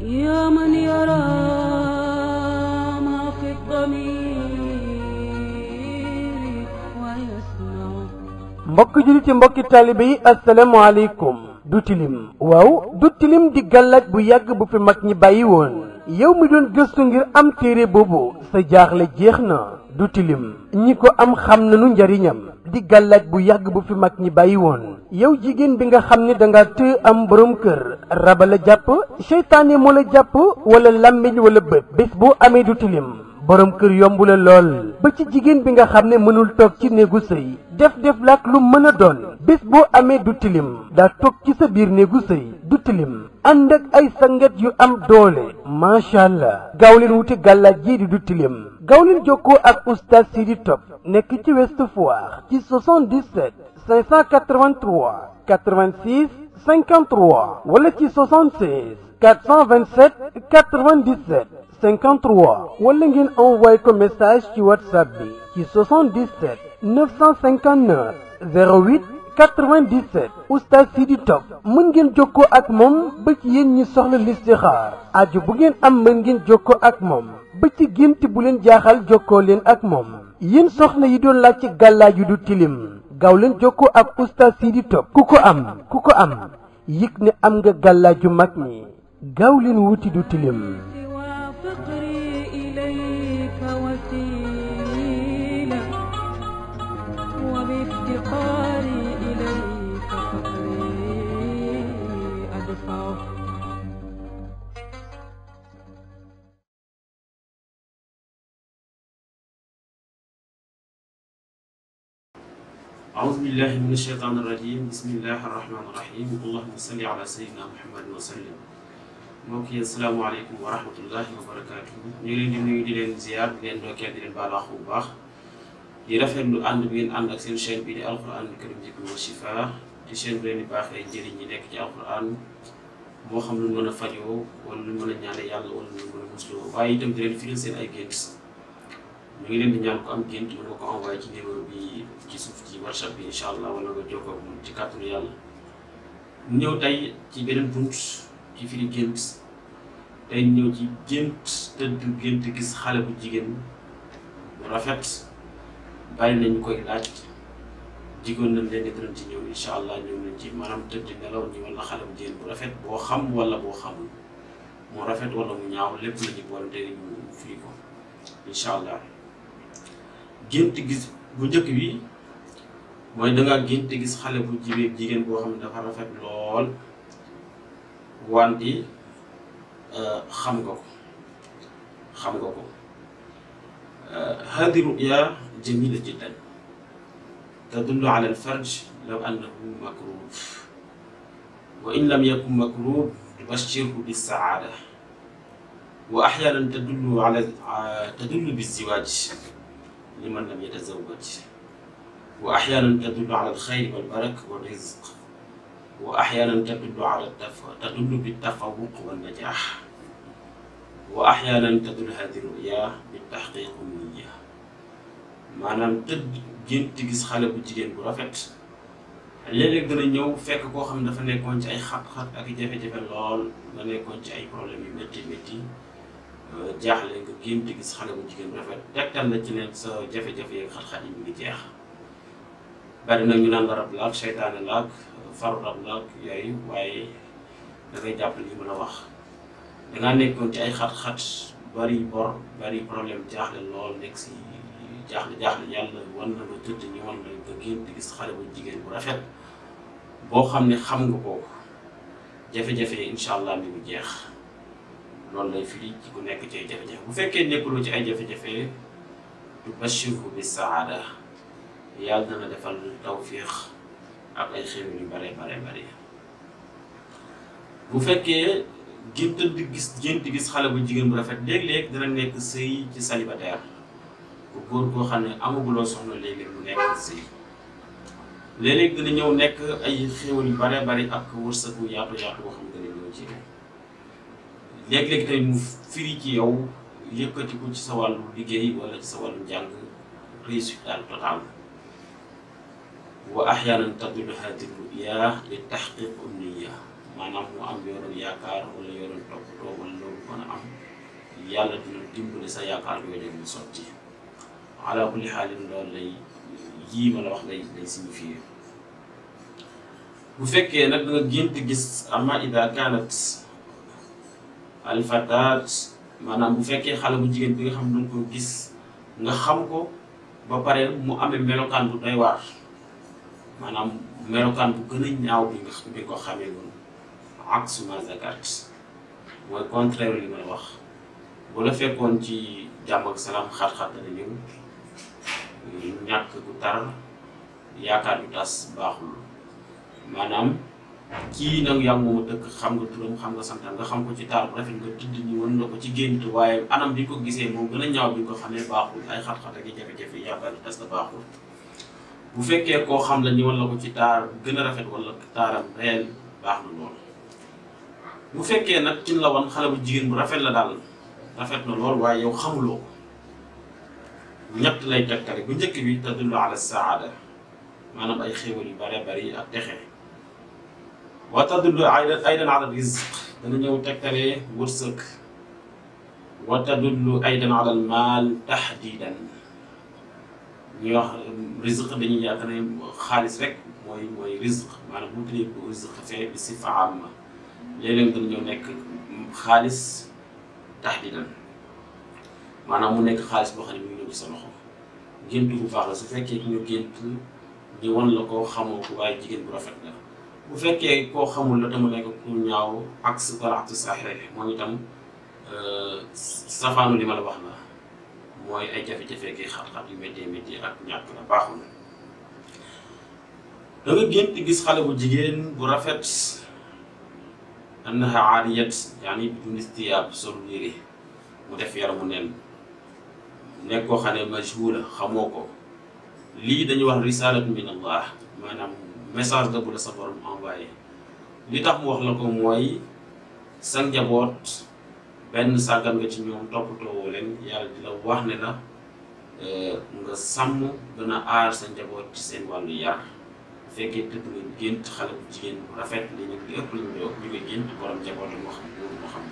يا من mbokk jullit yi mbokki taalibe yi asalaamaaleykum du tilim waaw du tilim di gàllaaj bu yàgg bu fi mag ñi bàyyi woon yow mi doon gëstu ngir am téere boobu sa jaaxle jeex na du tilim ñi ko am xam nanu njariñam di gàllaaj bu yàgg bu fi mag ñi bàyyi woon yow jigéen bi nga xam ni danga të am borom kër raba la jàpp seytaane moo la jàpp wala làmmiñ wala bët bés boo amee du tilim borom kër yomb la lool ba ci jigéen bi nga xam ne mënul toog ci néegu sëy def def laak lu mën a doon bés boo amee du tilim daa toog ci sa biir néegu sëy du tilim ànd ak ay sanget yu am doole macha allah gaaw leen wuti gàllaaj jii di du tilim gaaw leen jokkoo ak oustaz Sidi Top nekk ci Ouest Foire ci 77 583 86 53 wala ci 76 427 97 53 wala ngeen envoyé ko message ci whatsapp bi ci 77 959 08 97 oustaz Sidi Top mën ngeen jokkoo ak moom ba yéen ñi soxla listixaar aju bu ngeen am mën ngeen jokkoo ak moom. ba ci gént bu leen jaaxal jokkoo leen ak moom yéen soxna yi doon laaj ci gàllaaj yu du tilim gaaw leen jokkoo ak oustaz di Top ku ko am ku ko am yëg ne am nga gàllaaju mag ñi gaaw leen wuti du tilim أعوذ بالله من الشيطان الرجيم بسم الله الرحمن الرحيم اللهم صل على سيدنا محمد وسلم mbokk yi asalaamaaleykum wa rahmatullahi wa barakaatu ñu ngi leen di nuyu di leen ziar di leen dookeel di leen baalaax bu baax di rafetlu ànd bi ngeen ànd ak seen chaîne bi di alquran karim jikko wa shifa di chaîne bi leen di baaxee njëriñ ñi nekk ci alquran moo xam lu mën a fajoo wala lu mën a ñaane yàlla wala lu mën a musloo waaye itam di leen firil seen ay gént ñu ngi leen di ñaan ko am gént nga ko envoyé ci numéro bi ci suuf ci whatsapp bi incha allah wala nga jokkoo moom ci kàttanu yàlla ñëw tey ci beneen bunt ci firi gént tey ñëw ci gént tëdd gént gis xale bu jigéen bu rafet bàyyi nañ koy laaj jigéen nañ leen dinañ ci ñëw incha allah ñëw nañ ci maanaam tëdd nelaw ñi wala xale bu jigéen bu rafet boo xam wala boo xamul mu rafet wala mu ñaaw lépp la ñu boole ko incha allah gént gis bu njëkk bi mooy danga gént gis xale bu jibee jigéen boo xam ne dafa rafet lool wanti euh, xam nga ko xam nga ko euh, hadi ruya jamila jiddan tadullu ala alfarj law annahu makrub wa in lam yakun makrub tubashirhu bisaada wa axyanan tadullu ala tadullu biziwaaj liman lam yatazawwaj wa axyaanan tadullu ala alxayri walbarak wa rizq wa axyaanan tadullu ala taf tadullu bitafawuq wannajaax wa axyaanan tadullu hadi ruya bitahqiqu niya maanaam tëdd gént gis xale bu jigéen bu rafet léeg-léeg dana ñëw fekk koo xam ne dafa nekkoon ci ay xat-xat ak jafe-jafe lool nga nekkoon ci ay problème yu métti métti jaaxle nga gént gis xale bu jigéen bu rafet tegtal na ci ne sa jafe-jafe yeeg xat-xat yi mu ngi jeex bari na ñu naan rab laag seytaane laag faru rab laag yooyu waaye dangay jàpp li mën a wax dangaa nekkoon ci ay xat-xat bari bor bari problème jaaxle lool nekk si jaaxle jaaxle yàlla wan na la tëdd ñu wan la nga gént xale bu jigéen bu rafet boo xam ne xam nga kooku jafe-jafe incha allah mi jeex loolu lay fi ci ku nekk ci ay jafe-jafe bu fekkee nekkuloo ci ay jafe-jafe du bi saada yàlla dana defal tawfiix ak ay xew yu bare bare bare bu fekkee gént di gis gént gis xale bu jigéen bu rafet léeg-léeg dana nekk sëy ci célibataire bu góor koo xam ne amaguloo soxna léeg-léeg mu nekk sëy léeg-léeg ñëw nekk ay xéewal yu bare bari ak wërsëg bu yaatu yaatu boo xam ne dana ñëw ci léegi-léegi tamit mu firi ci yow yëkkati ci sa wàllu liggéey wala ci sa wàllu njàng réussite total wa axyaanan tadullu haadihi ruya li taxqiq umniya maanaam mu am yoroon yaakaar wala yoroon toppatoo wala loolu mën a am yàlla dina dimbali sa yaakaar yooyu leen sotti ala kulli xaalin loolu lay yii ma la wax lay lay bu fekkee nag nga gént gis ama ida alfataat maanaam bu fekkee xale bu jigéen bi nga xam ne danga ko gis nga xam ko ba pare mu amee melokaan bu doy waar maanaam melokaan bu gën a ñaaw bi nga bi ko xamee woon ak suma zakat mooy contraire li may wax walla la fekkoon ci jàmm ak salaam xat-xat dana ñëw ñàkk bu tar yaakaar bu tas baaxul maanaam ci nag yaa ngi dëkk xam nga turam xam nga santam nga xam ko ci taar bu rafet nga tudd ñu woon la ko ci gént waaye anam bi ñu ko gisee moo gën a ñaaw bi ñu ko ne baaxul ay xat-xat ak jafe-jafe yaakaar ni tas na baaxul bu fekkee koo xam la ñu woon la ko ci taar gën a rafet wala taaram réel baax na lool bu fekkee nag kin la woon xale bu jigéen bu rafet la daal rafet na lool waaye yow xamuloo ko ñett lay tegtale bu njëkk bi tadullu ala saada maanaam ay xéewal yu bare bari ak texe wa tadullu aydan ala rizq dana ñëw tegtalee wërsëg wa tadullu aydan ala maal tahdidan ñuy wax rizq dañuy yaakaar ne xaalis rek mooy mooy rizq maanaam bu tuddee bu rizq fee bi sifa amma léeg-léeg dana ñëw nekk xaalis tahdidan maanaam mu nekk xaalis boo xam ne mu ngi ñëw ci sa loxo gént bu baax la su fekkee ñu gént ñu wan la ko xamoo ko waaye jigéen bu rafet la bu fekkee koo xamul la dama nekk ku ñaaw ak su baraatu saaxee moom itam euh, safaanu li ma la wax la mooy ay jafe-jafe gi xat-xat yu méttee méttee ak ñàkk la baaxul da nga gént gis xale bu jigéen bu rafet annaha aariyat yaani biduni istiyaab solu yére mu def yaramu neen nekk koo xam ne majhuula xamoo ko lii dañuy wax risaalatu min allah message la bu la sa borom envoyé li tax mu wax la ko mooy sa njaboot benn sàggan nga ci ñoom toppatoo leen yàlla di la wax ne la euh, nga sàmm gën a aar sa njaboot ci seen wàllu yar bu fekkee tëdd nga gént xale bu jigéen bu rafet li nag ëpp lañ ñu ngi gént borom njaboot moo xam góor moo xam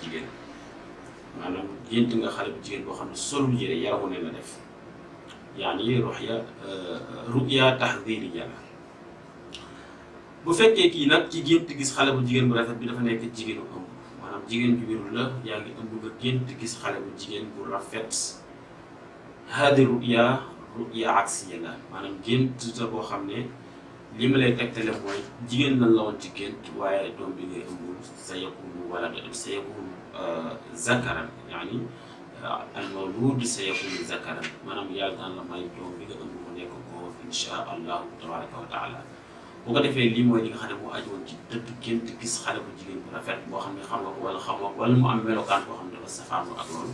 gént nga xale bu jigéen boo xam ne solul yére yaramu ne la def yaani ruya euh, ruya tahdiriya la bu fekkee kii nag ci gént gis xale bu jigéen bu rafet bi dafa nekk jigéenu ëmb maanaam jigéen ju wérul la yaa ngi ëmb nga gént gis xale bu jigéen bu rafet haadi ruya ruya aksiya la maanaam gént la boo xam ne li ma lay teg mooy jigéen lan la woon ci gént waaye doom bi ngay ëmbul sa yakunu wala maanaam yàlla doom bi nga ëmb mu nekk góor insha allahu tabaraka wa taala bu ko defee lii mooy li nga xam ne moo aju woon ci tëdd gént gis xale bu jigéen bu boo xam ne xam nga ko wala xamoo ko wala mu am melokaan boo xam ne dafa safaanoo ak loolu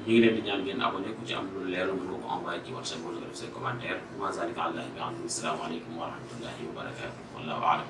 ñu ngi leen di ñaan ngeen abonné ci am lu leer mën nga ko envoyé ci whatsapp wala nga def say commentaire ma zalika àllahi bi alim asalaamaaleykum wa rahmatullahi wa barakatuh wallahu alam